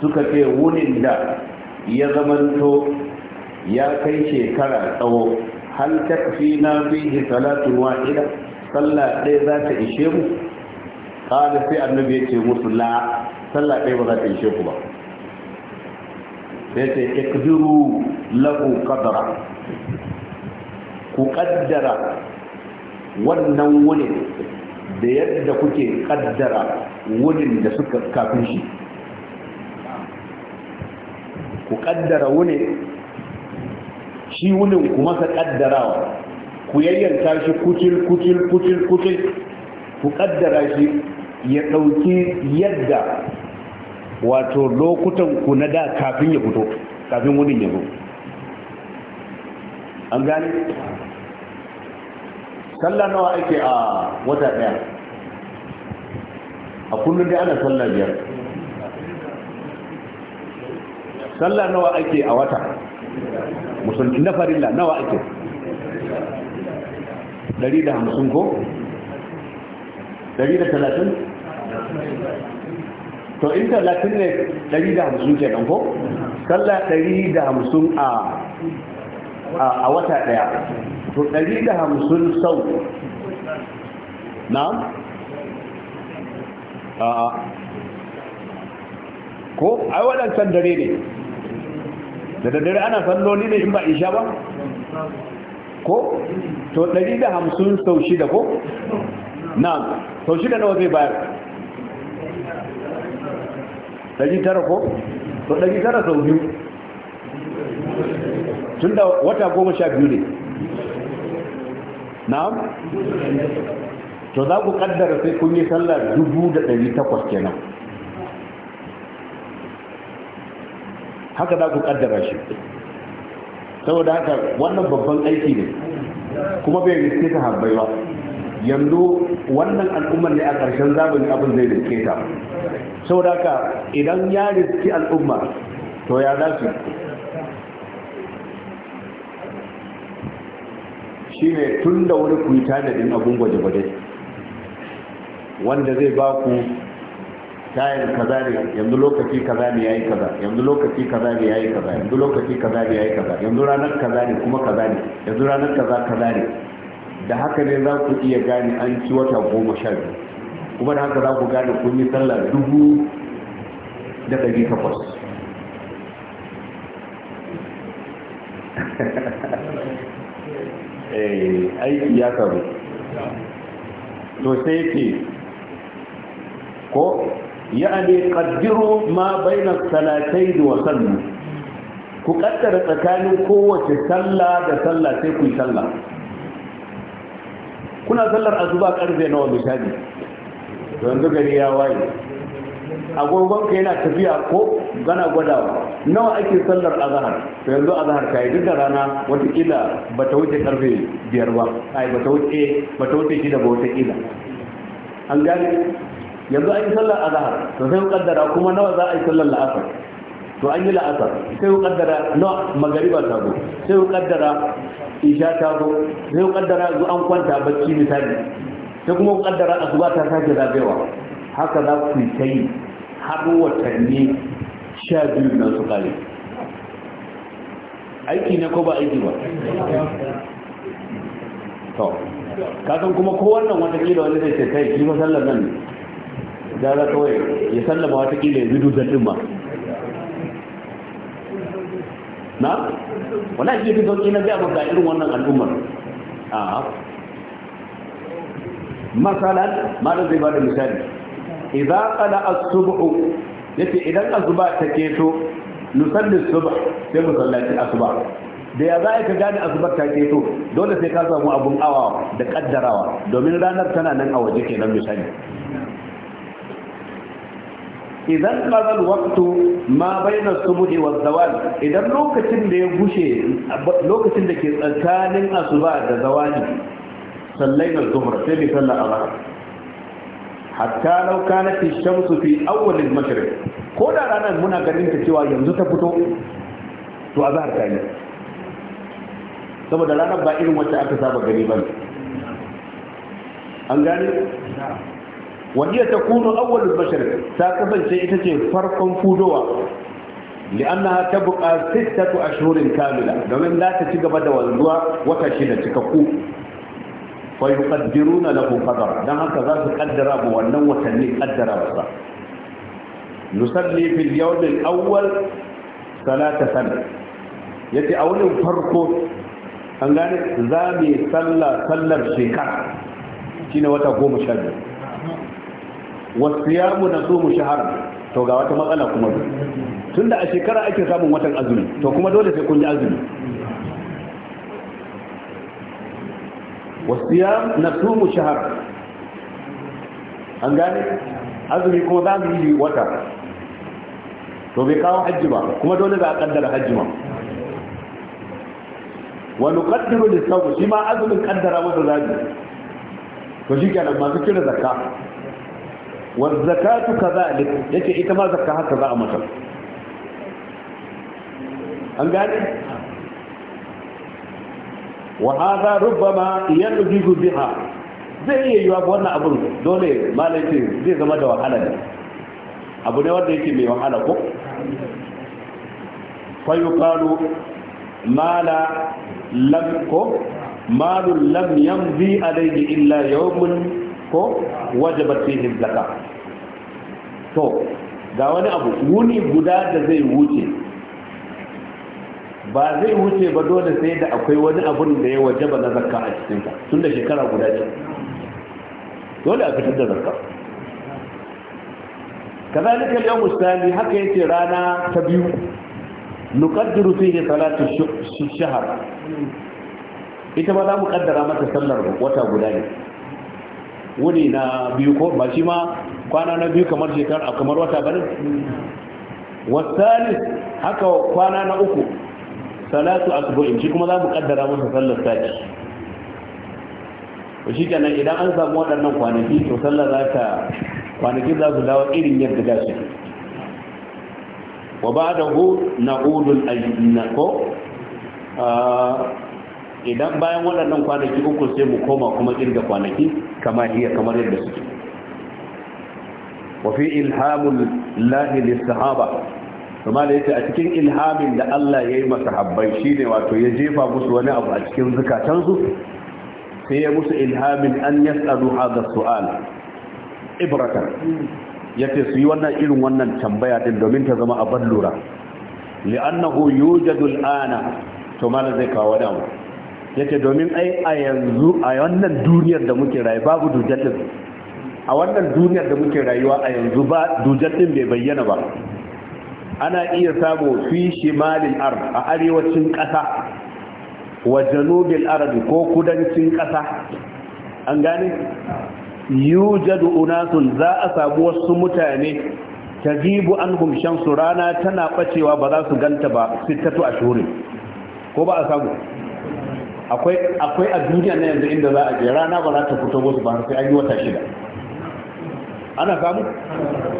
suka ce wunin da ya zamanto ya kai shekara tsawo hal takfi na fihi salatun wa'ida sallah ɗaya za ta ishe mu kada annabi ya ce musu la sallah ɗaya ba za ta ishe ku ba sai ce ikdiru lahu qadra ku kaddara wannan wunin da yadda kuke kaddara wunin da suka kafin shi ku kaddara wunin shi wunin kuma ka kaddarawa ku yayyanta shi kucil kucil kucil kucil ku kaddara shi ya ɗauki yadda wato lokutan ku na da kafin ya fito kafin wurin ya zo an gane sallah nawa ake a wata daya a kullum dai ana sallah biyar sallah nawa ake a wata musulmi na farilla nawa ake 150 ko 130 to in talatin ne ɗari da hamsin ke ko sallah ɗari da hamsin a wata ɗaya to ɗari da hamsin sau na a ko ai waɗancan dare ne da daddare ana salloli ne in ba isha ba ko to ɗari da hamsin sau shida ko na sau shida na zai bayar ɗari tara ko? to ɗari tara sau biyu tun da wata goma sha biyu ne na'am to za ku kaddara sai kun yi sallah dubu da ɗari takwas kenan haka za ku kaddara shi saboda haka wannan babban aiki ne kuma bai riske ta habbai ba yanzu wannan al'ummar ne a ƙarshen zamani abin zai riske ta saboda ka idan ya riski al'umma to ya za su shi ne tun da wani ku yi tanadin abin gwaje-gwaje wanda zai ba ku tayar kaza ne yanzu lokaci kaza ne yayi kaza yanzu lokaci kaza ne yayi kaza yanzu lokaci kaza ne yayi kaza yanzu ranar kaza ne kuma kaza ne yanzu ranar kaza kaza ne da haka ne za ku iya gane an ci wata goma sha biyu kuma da haka za ku gane kun yi sallah dubu da ɗari takwas eh, aiki ya karu to sai ke ko ya'ani ƙaddiro ma na salatai wa wasannu ku kaddara tsakanin kowace sallah da sallah sai ku yi sallah kuna sallar azuba karfe nawa misali yanzu gari ya waye agogon ka yana tafiya ko gana gwadawa nawa ake sallar azahar To yanzu azahar yi duk da rana watakila ba ta wuce karfe biyar ba ai ba ta wuce ba ta wuce shida ba watakila an gane yanzu ake sallar azahar to sai kaddara kuma nawa za a yi sallar la'asar to an yi la'asar sai ku kaddara no magariba ta zo sai ku kaddara isha ta go sai ku kaddara zu an kwanta bacci misali sai kuma ku kaddara asuba ta sake zabewa haka za ku yi ta yi har watanni sha biyu na su kare aiki ne ko ba aiki ba to kasan kuma ko wannan watakila wani zai ce kai shi masallar nan da za kawai ya sallama watakila ya zidu zaɗin ma. na wala ji bi sauki na ga ga irin wannan al'ummar a masalan malam zai bada misali idan qala as-subhu yace idan azuba ta keto nusalli subh sai mu asuba da ya za ka gani asubar ta keto dole sai ka samu abun awa da kaddarawa domin ranar tana nan a waje kenan misali idan qadal waqtu ma bayna subhi wa zawal idan lokacin da ya gushe lokacin da ke tsakanin asuba da zawali sallaina zuhra sai bi sallar azhar hatta law kanat ash shams fi awwal al-mashriq ko da ranar muna ganin ta cewa yanzu ta fito to azhar ta yi saboda ranar ba irin wacce aka saba gani ba an gane wa ta takunu awwalul bashar ta kasance ita ce farkon fudowa li'annaha tabqa sittatu ashurin kamila domin za ta ci gaba da wanzuwa wata shida cikakku fa na lahu qadar dan haka za su kaddara ba wannan watanni kaddara ba nusalli fil yawm awwal salata sana yace a wurin farko an gane za mu sallah sallar shekara shine wata goma sha biyu wasu ya na so mu shahara to ga wata matsala kuma tun da a shekara ake samun watan azumi to kuma dole sai kun yi azumi wasu ya na so mu shahara an gane azumi kuma za mu yi wata to bai kawo hajji ba kuma dole za a kaddara hajji ma wani kaddiru da sau shi ma azumin kaddara masa zabi to shi kenan masu kira zakka wa zakatu kadhalik yace ita ma zakka haka za a mata an gane wa hadha rubbama yanjizu biha zai iya yiwa wannan abun dole malaice zai zama da wahala ne abu ne wanda yake mai wahala ko fayuqalu mala lam ko malun lam yamzi alayhi illa yawmun ko wajabar fihim zaka to ga wani abu wuni guda da zai wuce ba zai wuce ba dole sai da akwai wani abun da ya wajaba na zakka a cikin ka tun da shekara guda ce dole a fitar da zakka kazalika ni yawm al-thani haka yace rana ta biyu nuqaddiru fihi salatu shahr ita ba za mu kaddara mata sallar wata guda ne wuni na biyu ko ba shi ma kwana na biyu kamar shekara kamar wata bane wasali haka kwana na uku salatu asbu'in shi kuma za mu kaddara masa sallar sati to shi kenan idan an samu waɗannan kwanaki to sallar za ta kwanaki za su dawo irin yadda da su wa ba'dahu na'udul ajnako ah, idan bayan waɗannan kwanaki uku sai mu koma kuma kirga kwanaki kama iya kamar yadda suke Wafi fi lahi lis-sahaba kuma da yake a cikin ilhamin da Allah ya yi masa habbai shine wato ya jefa musu wani abu a cikin zukatansu sai ya musu ilhamin an yas'alu hadha su'al ya yace su yi wannan irin wannan tambaya din domin ta zama abin lura li'annahu yujadu al'ana to mala zai kawo damu yake domin ai a yanzu a wannan duniyar da muke rayu babu dujatin a wannan duniyar da muke rayuwa a yanzu ba dujatin bai bayyana ba ana iya samu fi shimalin ar a arewacin ƙasa wa janubin arabi ko kudancin ƙasa an gane yujadu unasun za a samu wasu mutane ta gibu an rana tana bacewa ba za su ganta ba fitatu a ko ba a samu akwai akwai a duniya na yanzu inda za a je rana ba za ta fito musu ba sai an yi wata shida ana samu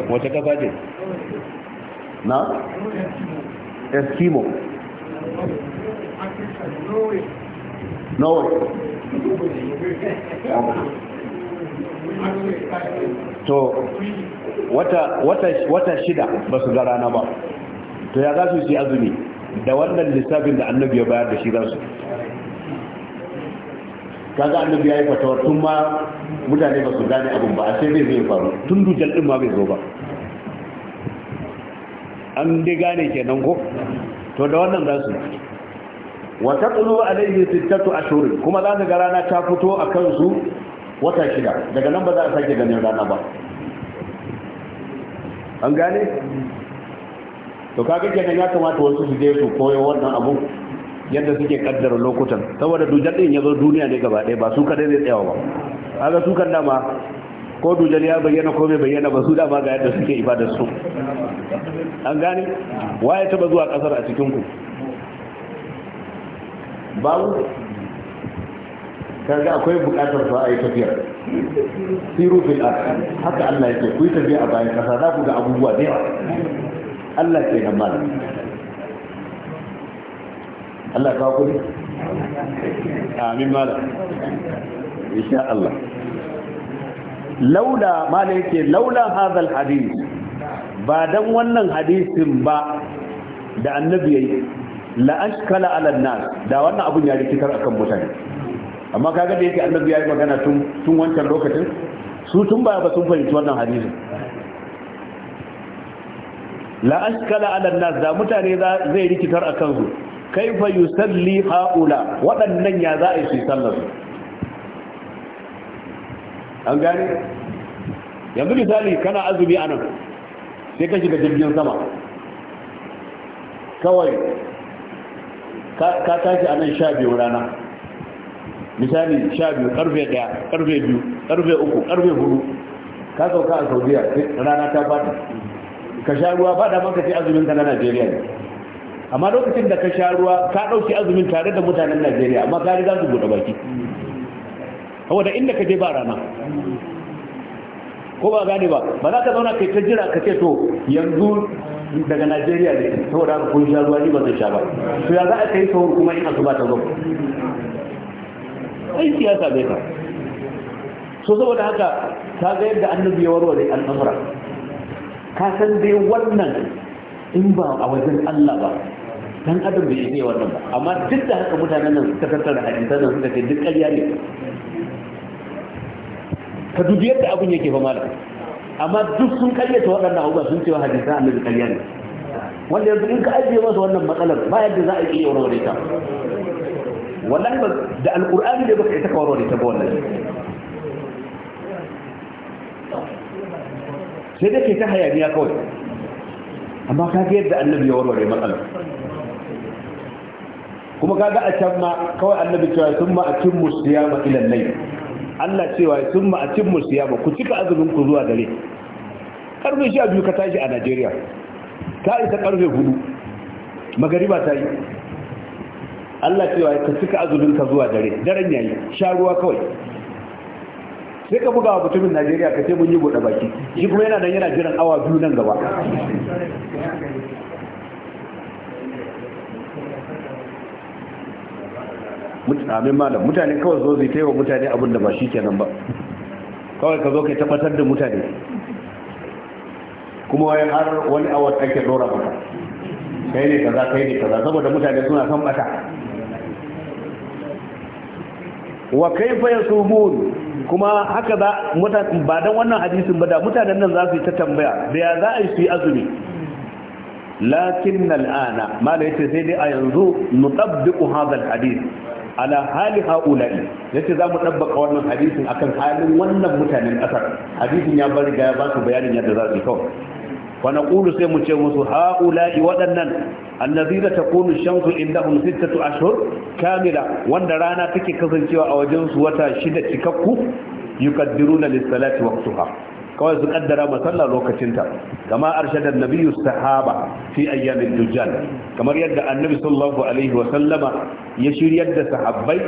wata kasa ce na eskimo norway to wata wata wata shida ba su ga rana ba to ya za su yi azumi da wannan lissafin da annabi ya bayar da shi za su kaga annabi yayi fatawar tun ma mutane ba su gane abin ba a sai zai zai faru tun dujal din ma bai zo ba an dai gane kenan ko to da wannan za su wa taqulu alayhi sittatu ashhur kuma za ka ga rana ta fito a kansu wata shida daga nan ba za a sake ganin rana ba an gane to kaga kenan ya kamata wasu su je su koyo wannan abu yadda suke kaddara lokutan saboda dujar din ya zo duniya ne gaba ɗaya ba su kadai zai tsayawa ba kaga su kan dama ko dujar ya bayyana ko bai bayyana ba su dama ga yadda suke ibadar su an gane waye taba zuwa kasar a cikin ku babu kaga akwai bukatar fa a yi tafiyar siru fil ard haka Allah yake ku tafiya a bayan kasa za ku ga abubuwa da yawa Allah ke nan malam Allah ka kudi amin malam insha Allah laula malam yake laula hadal hadith ba dan wannan hadisin ba da annabi yayi la ashkala ala nas da wannan abun ya rikitar akan mutane amma kaga da yake annabi yayi magana tun wancan lokacin su tun baya ba sun fahimci wannan hadisin la ashkala ala nas da mutane zai rikitar akan su kaifa yusalli haula waɗannan ya za a yi su sallar an gani? yanzu misali kana azumi anan, sai ka shiga jirgin sama kawai ka tashi anan sha biyu rana misali sha biyu karfe daya karfe biyu karfe uku karfe hudu ka sauka a saudiya rana ta fata ka sha ruwa ba da maka ce azumin ka na najeriya ne amma lokacin da ka sha ruwa ka ɗauki azumin tare da mutanen najeriya amma ka riga su buɗe baki saboda inda ka je ba rana ko ba gane ba ba za ka zauna kai ta jira ka ce to yanzu daga najeriya ne saboda haka kun sha ruwa ni ba zai sha ba to ya za a kai sahur kuma in asuba ta zo ai siyasa ne ka so saboda haka ka ga yadda annabi ya warware al'amura ka san dai wannan in ba a wajen Allah ba dan adam bai iya wannan ba amma duk da haka mutanen nan suka tattara hadisan nan suka ce duk ƙarya ne ka dubi yadda abin yake fa malam amma duk sun ta waɗannan abubuwa sun cewa hadisan annabi ƙarya ne wanda yanzu in ka ajiye masa wannan matsalar ba yadda za a iya warware ta wallahi ba da alqur'ani da baka ita ka warware ta ba wannan. sai da ke ta hayaniya kawai amma ka ga yadda annabi ya warware matsalar kuma kaga a can ma kawai annabi cewa sun ma a cin musiyama ilan nai Allah cewa sun ma a cin musiyama ku cika azumin ku zuwa dare karfe sha biyu ka tashi a Najeriya ta isa karfe hudu magariba ta yi Allah cewa ka cika azumin ka zuwa dare daren yayi sha ruwa kawai sai ka buga wa mutumin Najeriya ka ce mun yi gode baki shi kuma yana nan yana jiran awa biyu nan gaba amin malam mutane kawai zo zai taiwa mutane abin da ba shi kenan ba kawai ka zo kai tabbatar da mutane kuma wayan har wani awar ake dora maka kai ne kaza kai ne kaza saboda mutane suna son bata wa kaifa yasumun kuma haka za ba dan wannan hadisin ba da mutanen nan za su yi ta tambaya da ya za a yi su yi azumi lakin al'ana malai ce sai dai a yanzu nutabbiqu hadha al-hadith ala hali haula'i yace za mu dabbaka wannan hadisin akan halin wannan mutanen ƙasar. hadisin ya bari ga ba su bayanin yadda za su kawai wa sai mu ce musu haula'i waɗannan ta kunu shanku indahum sittatu ashhur kamila wanda rana take kasancewa a wajen su wata shida cikakku yukaddiruna lis-salati kawai su kaddara masalla lokacinta kama arshadar nabiyu sahaba fi ayyamin dujjal kamar yadda annabi sallallahu alaihi wa sallama ya shiryar da sahabbai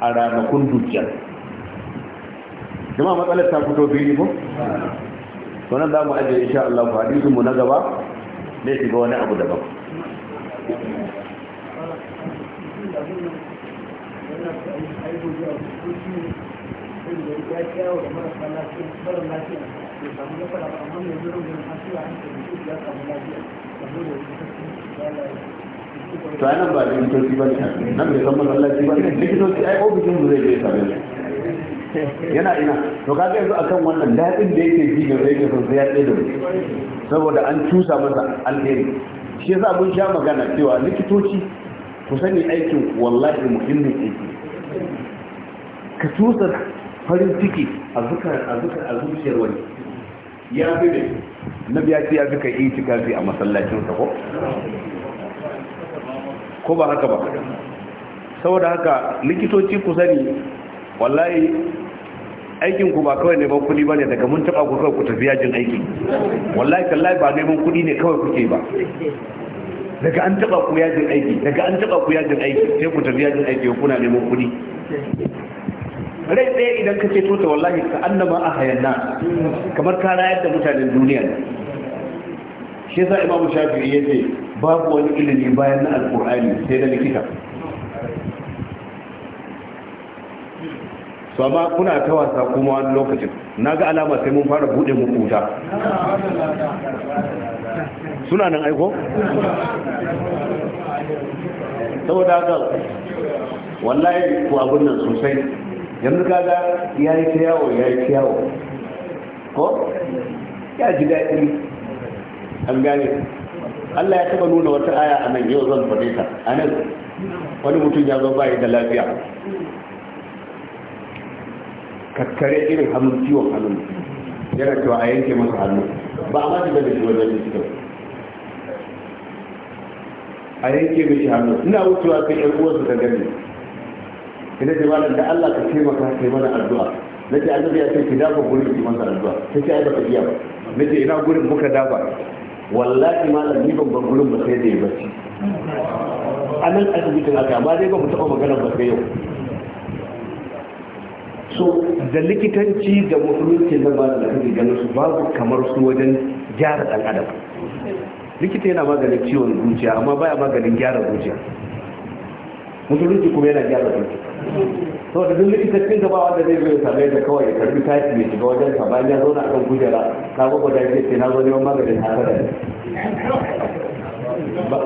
a ranakun dujjal jama'a matsalar ta fito fili ko wannan za mu aje insha Allah hadisin mu na gaba zai shiga wani abu daban Thank you. da marasa lafiya lafiya samu na fara ba amma mai da ya samu lafiya wani lafiya to a nan ba likitoci ba ne nan bai san masallaci ba ne likitoci ai ofishin mu zai je sabe yana ina to kaga yanzu akan wannan daɗin da yake ji da zai ke son sai ya tsaye da mu saboda an cusa masa alheri shi yasa mun sha magana cewa likitoci ku sani aikin wallahi muhimmin aiki ka cusa farin ciki a zuciyar wani ya fi da na biya ce ya fi kai iti kafi a masallacin ko ko ba haka ba saboda haka likitoci ku sani wallahi aikin ku ba kawai neman kudi ba ne daga mun taba ku kawai ku tafi yajin aiki wallahi kallai ba neman kudi ne kawai kuke ba daga an taba ku yajin aiki daga an taba ku yajin aiki sai ku tafi yajin aiki kuna neman kudi rai tsaye idan ka ce tota wallahi ka annama a hayanna kamar ka rayar da mutanen duniya shi yasa imamu shafi ya ce babu wani ilimi bayan na alkur'ani sai da likita su amma kuna ta wasa kuma wani lokacin na ga alama sai mun fara buɗe muku wuta suna nan aiko? saboda haka wallahi ku abin nan sosai yanzu kaga ya yi ta yawo ya yi ta yawo ko ya ji daɗi an gane Allah ya taɓa nuna wata aya a nan yau zan faɗe ta a nan wani mutum ya zo bayi da lafiya kakkare irin hannun ciwon hannun yana cewa a yanke masa hannu ba a mace da da shi wajen cikin a yanke mishi hannu ina wucewa sai yan uwarsa ta gani ina ji malam da Allah ka taimaka kai mana addu'a nake annabi ya ce ki dafa gurin ki mana addu'a sai ki aika iya ba nace ina gurin muka dafa wallahi malam ni ban gurin ba sai da ya bacci a nan asibitin aka amma dai ba mu taɓa magana ba sai yau so da likitanci da musulunci na ba da kake ganin su babu kamar su wajen gyara ɗan adam likita yana maganin ciwon zuciya amma baya maganin gyara zuciya musulunci kuma yana gyara su so da duk cikin ba wanda zai zo ya same da kawai ya karbi tashi mai shiga wajen sa, bayan ya zauna akan kujera ka gwagwa da yake na zo neman maganin hasara ne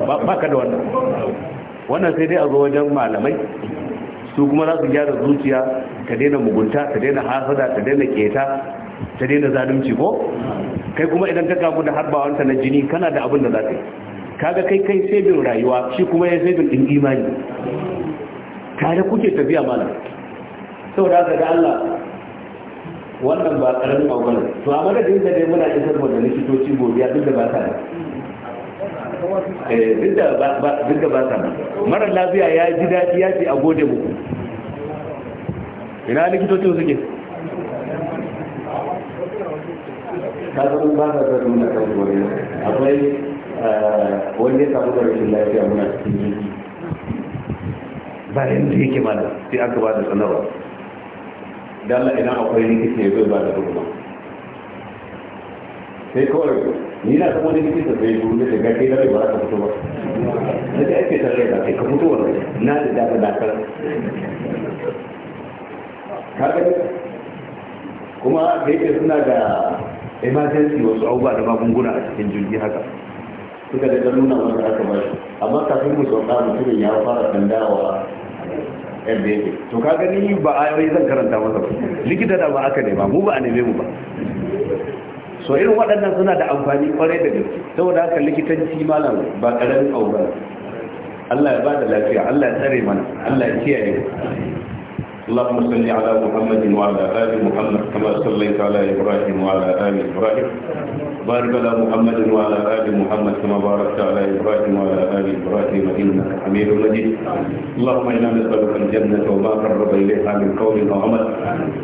ba ka da wannan wannan sai dai a zo wajen malamai su kuma za su gyara zuciya ka daina mugunta ka daina hasada ka daina keta ta daina zalunci ko kai kuma idan ka kamu da harbawa na jini kana da abin da za ka yi kaga kai kai sabin rayuwa shi kuma ya sabin din imani tare kuke tafiya malam saboda aka ga Allah wannan ba karamin abu to a madadin da dai muna isar da likitoci godiya duk da ba ta eh duk da ba duk da ba ta mara lafiya ya ji dadi ya ce a gode muku ina likitocin suke ka zama ba ta na nuna kan akwai Eh, wanda ya samu da rashin lafiya muna cikin jirgi bayan da yake mana sai aka ba da sanarwa dalla idan akwai likita ya zai ba da hukuma sai kawai ni na kuma rikici da zai duru da gaske da ba za ka fito ba na ga ake tare da kai ka fito wannan na da daga dakar kaga kuma da yake suna da emergency wasu abubuwa da magunguna a cikin jirgi haka suka da nuna wanda aka bashi amma kafin mu sauka mutumin ya fara tandawa yadda yake to ka gani ba a yi zan karanta masa likita da ba aka nema, mu ba a neme mu ba so irin waɗannan suna da amfani kwarai da gaske saboda haka likitanci malam ba ƙaramin aure Allah ya ba da lafiya Allah ya tsare mana Allah ya kiyaye اللهم صل على محمد وعلى آل محمد كما صليت على إبراهيم وعلى آل إبراهيم بارك على محمد وعلى آل محمد كما باركت على إبراهيم وعلى آل إبراهيم إنك حميد مجيد اللهم إنا نسألك الجنة وما قرب إليها من قول وعمل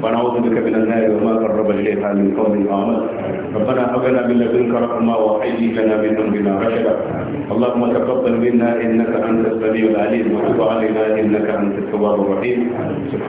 ونعوذ بك من النار وما قرب إليها من قول وعمل ربنا هب لنا من لدنك رحمة وهيئ لنا من أمرنا رشدا اللهم تقبل منا إنك أنت السميع العليم وتب علينا إنك أنت التواب الرحيم سبحان